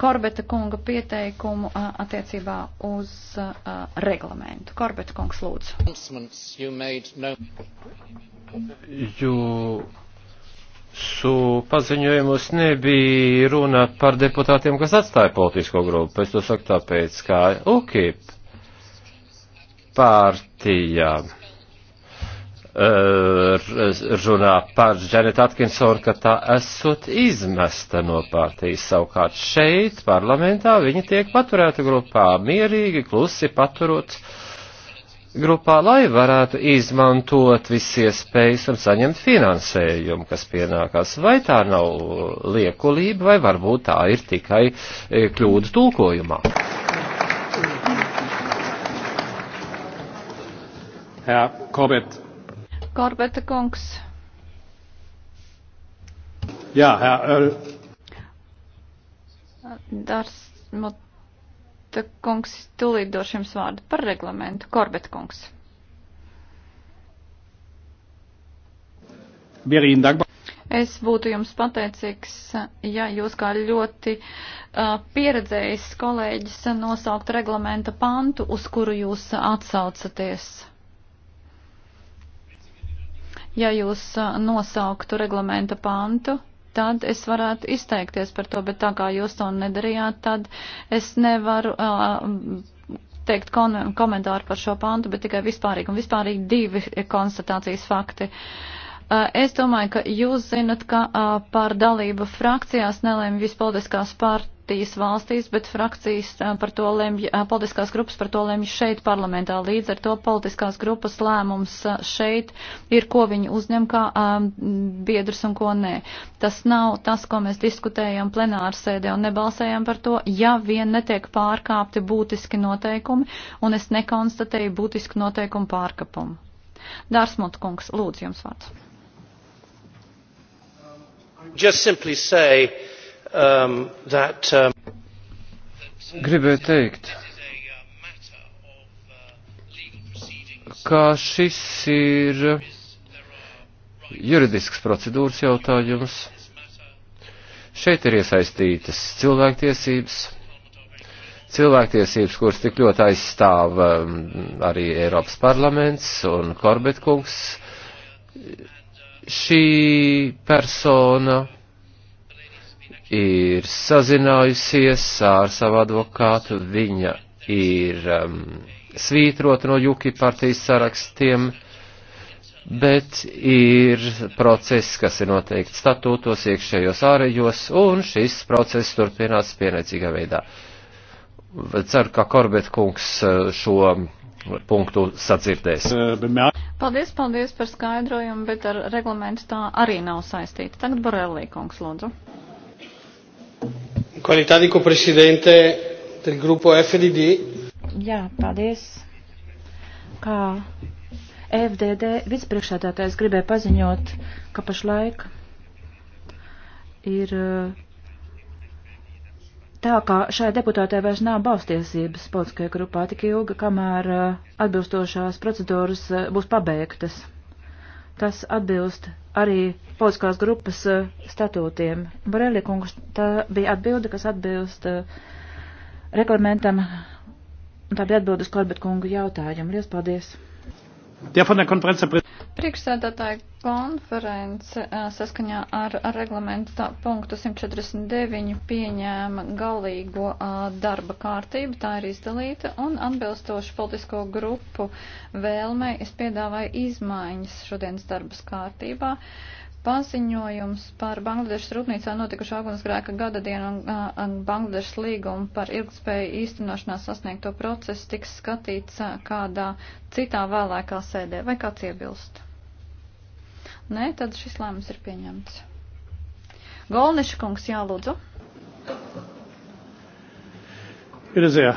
Korbeta kunga pieteikumu attiecībā uz reglamentu. Korbeta kungs lūdzu. Jo su paziņojumus nebija runa par deputātiem, kas atstāja politisko grupu. Es to saku tāpēc, kā UKIP pārtījām Eh, runā par Džanetu Atkinsonu, ka tā esot izmesta no partijas. Savukārt šeit, parlamentā, viņa tiek paturēta grupā, mierīgi, klusi paturot grupā, lai varētu izmantot visi iespējas un saņemt finansējumu, kas pienākās. Vai tā nav liekulība, vai varbūt tā ir tikai eh, kļūda tulkojumā? Herr Corbett, Korbeta kungs. Jā, jā. Uh... Dars Mota kungs, tūlīt došu jums vārdu par reglamentu. Korbeta kungs. Vielen Dank. Es būtu jums pateicīgs, ja jūs kā ļoti uh, pieredzējis kolēģis nosaukt reglamenta pantu, uz kuru jūs atsaucaties. Ja jūs nosauktu reglamenta pantu, tad es varētu izteikties par to, bet tā kā jūs to nedarījāt, tad es nevaru uh, teikt komentāru par šo pantu, bet tikai vispārīgi un vispārīgi divi konstatācijas fakti. Uh, es domāju, ka jūs zinat, ka uh, par dalību frakcijās nelēma vispolitiskās partijas partijas valstīs, bet frakcijas par to lemj, politiskās grupas par to lemj šeit parlamentā. Līdz ar to politiskās grupas lēmums šeit ir, ko viņi uzņem kā biedrs un ko nē. Tas nav tas, ko mēs diskutējam plenārsēdē un nebalsējam par to, ja vien netiek pārkāpti būtiski noteikumi, un es nekonstatēju būtisku noteikumu pārkapumu. Dārsmut kungs, lūdzu jums vārds. Just simply say um, that. Um, Gribēju teikt, ka šis ir juridisks procedūras jautājums. Šeit ir iesaistītas cilvēktiesības, cilvēktiesības, kuras tik ļoti aizstāv um, arī Eiropas parlaments un Korbetkungs. Šī persona ir sazinājusies ar savu advokātu, viņa ir um, svītrota no Juki partijas sarakstiem, bet ir process, kas ir noteikti statūtos, iekšējos, ārējos, un šis process turpinās pienācīgā veidā. Ceru, ka Korbet kungs uh, šo punktu sadzirdēs. Paldies, paldies par skaidrojumu, bet ar reglamentu tā arī nav saistīta. Tagad Borelī kungs, lūdzu. Qualità di co-presidente del gruppo FDD. Jā, paldies. Kā FDD vicepriekšādātājs gribēja paziņot, ka pašlaik ir eh, tā, ka šai deputātē vairs nav balstiesības politiskajā grupā tik ilgi, kamēr eh, atbilstošās procedūras eh, būs pabeigtas tas atbilst arī politiskās grupas eh, statūtiem. Borelija kungs, tā bija atbilde, kas atbilst eh, reglamentam, un tā bija atbildes Korbet kungu jautājumu. Liels paldies! Der von der Konferenz der Priekšsēdētāja konference saskaņā ar reglamenta punktu 149 pieņēma galīgo darba kārtību, tā ir izdalīta, un atbilstoši politisko grupu vēlmei es piedāvāju izmaiņas šodienas darbas kārtībā. Paziņojums par Bangladešas rūpnīcā notikušā ugunsgrēka gada dienu un Bangladešas līgumu par ilgspēju īstenošanā sasniegto procesu tiks skatīts kādā citā vēlākā sēdē. Vai kāds iebilst? Nē, tad šis lēmums ir pieņemts. Golniša kungs, jālūdzu. Ir jā.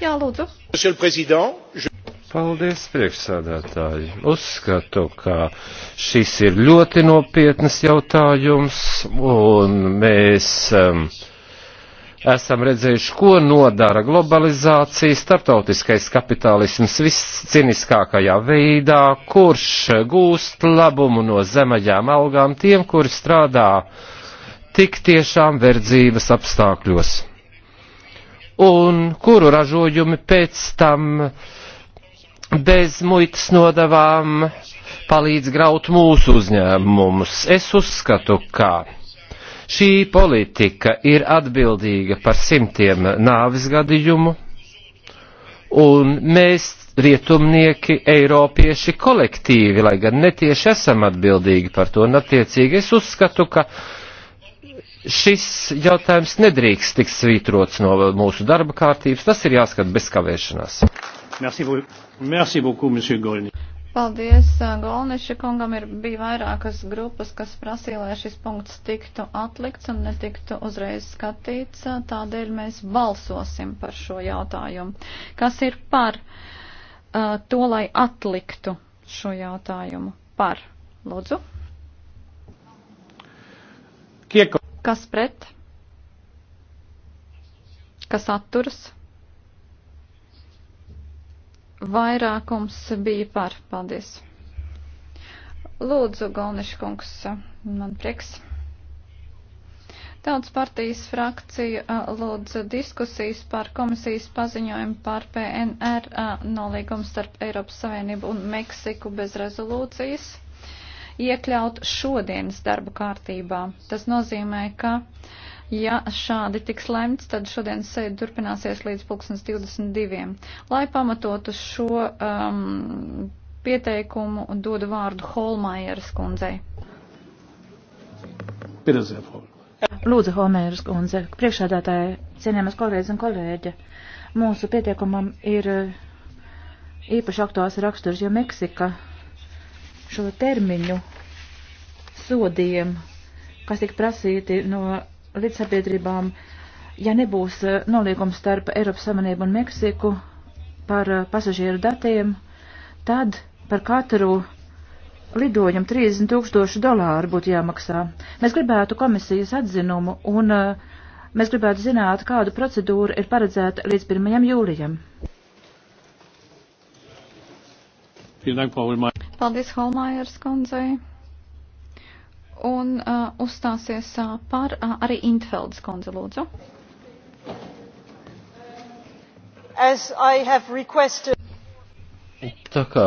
Jālūdzu. Paldies, priekšsādātāji. Uzskatu, ka šis ir ļoti nopietnas jautājums, un mēs um, esam redzējuši, ko nodara globalizācija, starptautiskais kapitālisms visciniskākajā veidā, kurš gūst labumu no zemajām algām tiem, kuri strādā tik tiešām verdzības apstākļos, un kuru ražojumi pēc tam uh, bez muitas nodavām palīdz graut mūsu uzņēmumus. Es uzskatu, ka šī politika ir atbildīga par simtiem nāvis gadījumu, un mēs rietumnieki, eiropieši kolektīvi, lai gan netieši esam atbildīgi par to, un attiecīgi es uzskatu, ka šis jautājums nedrīkst tikt svītrots no mūsu darba kārtības, tas ir jāskat bez kavēšanās. Merci, merci beaucoup, monsieur Golni. Paldies, Golniša kungam ir bija vairākas grupas, kas prasīja, lai šis punkts tiktu atlikts un netiktu uzreiz skatīts, tādēļ mēs balsosim par šo jautājumu. Kas ir par uh, to, lai atliktu šo jautājumu? Par. Lūdzu. Kieko. Kas pret? Kas atturas? vairākums bija par. Paldies. Lūdzu, Golniškungs, man prieks. Tautas partijas frakcija lūdza diskusijas par komisijas paziņojumu par PNR nolīgumu starp Eiropas Savienību un Meksiku bez rezolūcijas iekļaut šodienas darba kārtībā. Tas nozīmē, ka Ja šādi tiks lemts, tad šodien sēde turpināsies līdz 2022. Lai pamatotu šo um, pieteikumu, dodu vārdu Holmajeras kundzei. Lūdzu, Holmajeras kundze, priekšādātāja, cienījamas kolēģis un kolēģi, mūsu pieteikumam ir uh, īpaši aktuāls raksturs, jo Meksika šo termiņu sodiem, kas tika prasīti no līdzsabiedrībām, ja nebūs eh, noliegums starp Eiropas Savienību un Meksiku par eh, pasažieru datiem, tad par katru lidojumu 30 tūkstoši dolāru būtu jāmaksā. Mēs gribētu komisijas atzinumu un eh, mēs gribētu zināt, kādu procedūru ir paredzēta līdz 1. jūlijam. Paldies, Holmājers kundzei un uh, uzstāsies uh, par uh, arī Intfeldes kundze lūdzu. Requested... Tā kā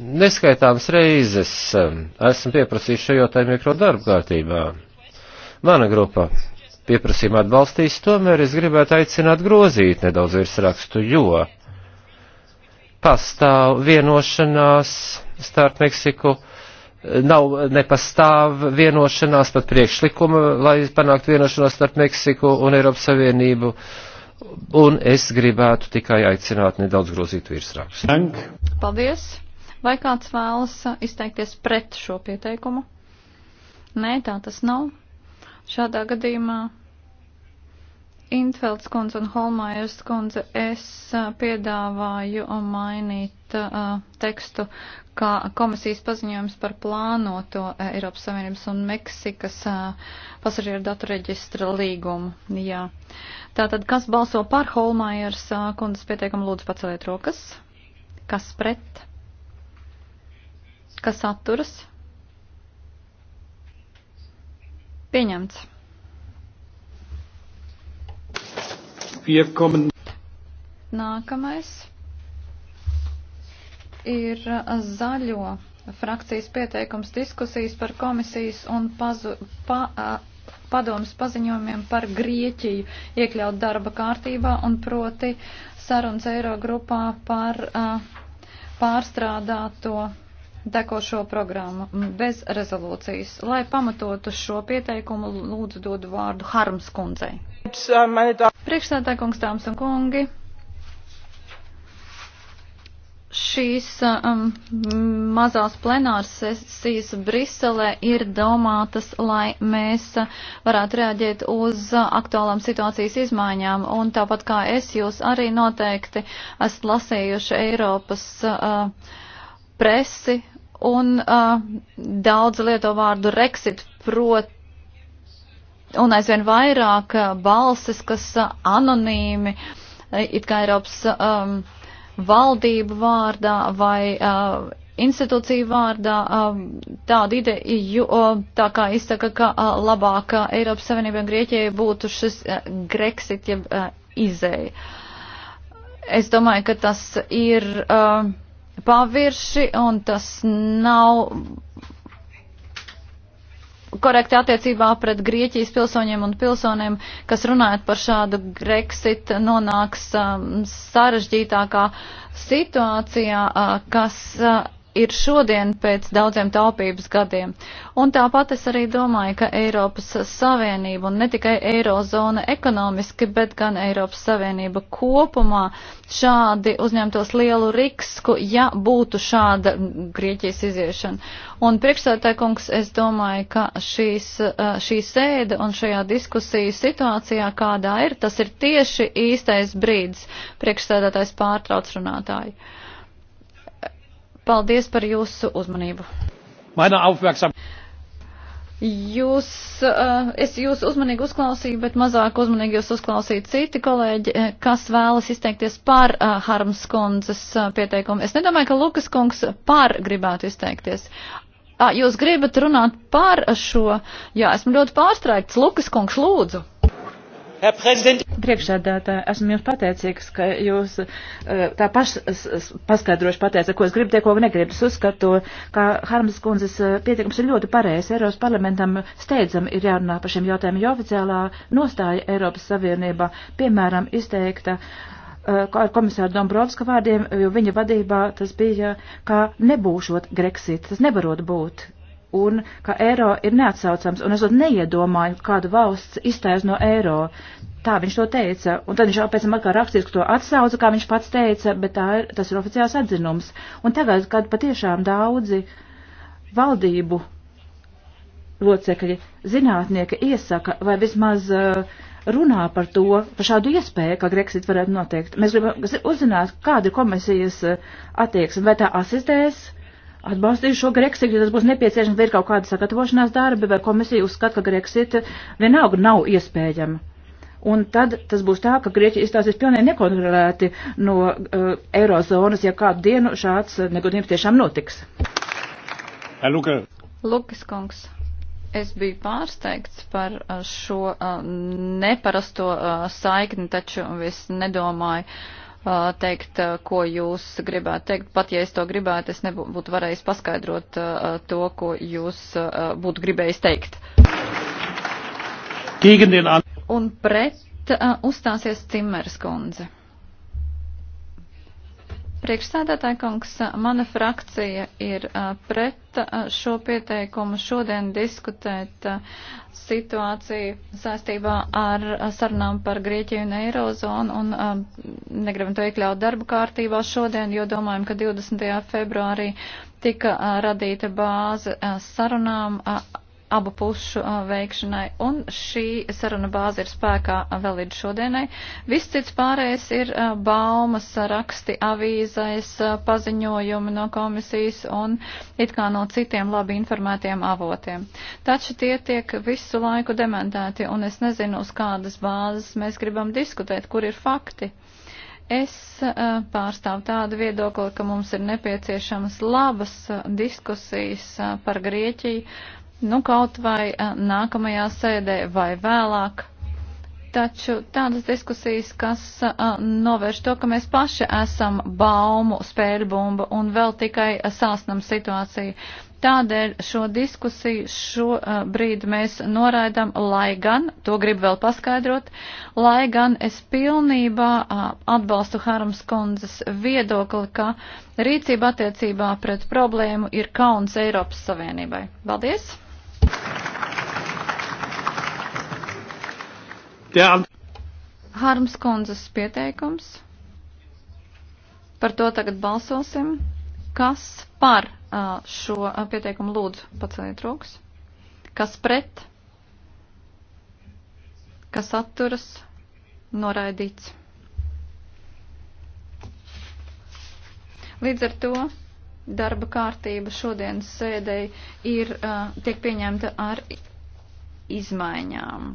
neskaitāmas reizes um, esmu pieprasījis šo jautājumu iekro darba kārtībā. Mana grupa pieprasījuma atbalstīs, tomēr es gribētu aicināt grozīt nedaudz virsrakstu, jo pastāv vienošanās starp Meksiku nav nepastāv vienošanās pat priekšlikuma, lai panāktu vienošanos starp Meksiku un Eiropas Savienību. Un es gribētu tikai aicināt nedaudz grozīt virsrakstu. Paldies! Vai kāds vēlas izteikties pret šo pieteikumu? Nē, tā tas nav. Šādā gadījumā Intfelds kundze un Holmājers kundze, es piedāvāju mainīt uh, tekstu, kā komisijas paziņojums par plānoto Eiropas Savienības un Meksikas uh, pasažieru datu reģistra līgumu. Jā. Tātad, kas balso par Holmājers uh, kundzes pieteikumu, lūdzu paceliet rokas. Kas pret? Kas atturas? Pieņemts. Wir kommen. Nākamais ir uh, zaļo frakcijas pieteikums diskusijas par komisijas un pazu, pa, a, uh, padomas paziņojumiem par Grieķiju iekļaut darba kārtībā un proti sarunas Eiro grupā par a, uh, pārstrādāto dekošo programmu bez rezolūcijas. Lai pamatotu šo pieteikumu, lūdzu dodu vārdu Harms kundzei. Priekšstādā kungs, dāmas un kungi, šīs um, mazās plenāras sesijas Briselē ir domātas, lai mēs varētu reaģēt uz aktuālām situācijas izmaiņām. Un tāpat kā es, jūs arī noteikti esat lasījuši Eiropas uh, presi un uh, daudz lieto vārdu Rexit proti un aizvien vairāk uh, balses, kas uh, anonīmi, uh, it kā Eiropas um, valdību vārdā vai uh, institūciju vārdā um, tāda ideja, jo tā kā izsaka, ka uh, labāk Eiropas Savienībai un Grieķijai būtu šis uh, Grexit, jeb uh, izēja. Es domāju, ka tas ir uh, pavirši un tas nav korekti attiecībā pret Grieķijas pilsoņiem un pilsoniem, kas runājot par šādu Grexit, nonāks um, sarežģītākā situācijā, uh, kas. Uh, ir šodien pēc daudziem taupības gadiem. Un tāpat es arī domāju, ka Eiropas Savienība un ne tikai Eirozona ekonomiski, bet gan Eiropas Savienība kopumā šādi uzņemtos lielu risku, ja būtu šāda Grieķijas iziešana. Un priekšsētājkungs, es domāju, ka šīs, eh, šī sēde un šajā diskusiju situācijā, kādā ir, tas ir tieši īstais brīdis priekšsēdētājs pārtrauc runātāju. Paldies par jūsu uzmanību. Jūs, eh, es jūs uzmanīgi uzklausīju, bet mazāk uzmanīgi jūs uzklausīju citi kolēģi, eh, kas vēlas izteikties par eh, Harms kundzes pieteikumu. Es nedomāju, ka Lukas kungs par gribētu izteikties. Ah, jūs gribat runāt par šo? Jā, esmu ļoti pārstraikts. Lukas kungs, lūdzu. Priekšsēdētāji, esmu jums pateicīgs, ka jūs eh, tā paš paskaidroši pateicat, ko es gribu, te ko negribu. Es uzskatu, ka Harmas kundzes eh, pieteikums ir ļoti pareizs. Eiropas parlamentam steidzam ir jārunā par šiem jautājumiem, jo oficiālā nostāja Eiropas Savienība, piemēram, izteikta eh, ar komisāru Dombrovska vārdiem, jo viņa vadībā tas bija, kā nebūšot Grexit. Tas nevarot būt un ka eiro ir neatsaucams, un es pat neiedomāju, kādu valsts iztais no eiro. Tā viņš to teica, un tad viņš jau pēc tam atkal rakstiski to atsauca, kā viņš pats teica, bet tā ir, tas ir oficiāls atzinums. Un tagad, kad patiešām daudzi valdību locekļi, zinātnieki iesaka, vai vismaz uh, runā par to, par šādu iespēju, ka Grexit varētu noteikt. Mēs gribam uzzināt, kāda ir komisijas uh, attieksme, vai tā asistēs atbalstīšu šo Grexit, ja tas būs nepieciešams, vai ir kaut kāda sagatavošanās darbi, vai komisija uzskata, ka Grexit vienalga nav iespējama. Un tad tas būs tā, ka Grieķija izstāsies pilnīgi nekontrolēti no uh, eirozonas, ja kādu dienu šāds negodījums tiešām notiks. Luka. Lukas kungs, es biju pārsteigts par eh, šo uh, neparasto uh, saikni, taču es nedomāju. Uh, teikt, ko jūs gribētu teikt. Pat ja es to gribētu, es nebūtu varējis paskaidrot to, ko jūs būtu gribējis teikt. Un pret uzstāsies Cimmerskundze. Priekšstādātāja kungs, mana frakcija ir pret šo pieteikumu šodien diskutēt situāciju saistībā ar sarunām par Grieķiju un Eirozonu un negribam to iekļaut darba kārtībā šodien, jo domājam, ka 20. februārī tika radīta bāze sarunām abu pušu veikšanai, un šī saruna bāze ir spēkā vēl līdz šodienai. Viss cits pārējais ir baumas, raksti, avīzais, paziņojumi no komisijas un it kā no citiem labi informētiem avotiem. Taču tie tiek visu laiku dementēti, un es nezinu, uz kādas bāzes mēs gribam diskutēt, kur ir fakti. Es uh, pārstāvu tādu viedokli, ka mums ir nepieciešamas labas diskusijas uh, par Grieķiju nu kaut vai nākamajā sēdē vai vēlāk. Taču tādas diskusijas, kas a, novērš to, ka mēs paši esam baumu spēļbumba un vēl tikai sāsnam situāciju. Tādēļ šo diskusiju šo a, brīdi mēs noraidam, lai gan, to gribu vēl paskaidrot, lai gan es pilnībā a, atbalstu Harams kundzes viedokli, ka rīcība attiecībā pret problēmu ir kauns Eiropas Savienībai. Paldies! Jā. Harms kundzes pieteikums. Par to tagad balsosim. Kas par uh, šo uh, pieteikumu lūdzu paceliet rokas? Kas pret? Kas atturas? Noraidīts. Līdz ar to darba kārtība šodienas sēdei ir, uh, tiek pieņemta ar izmaiņām.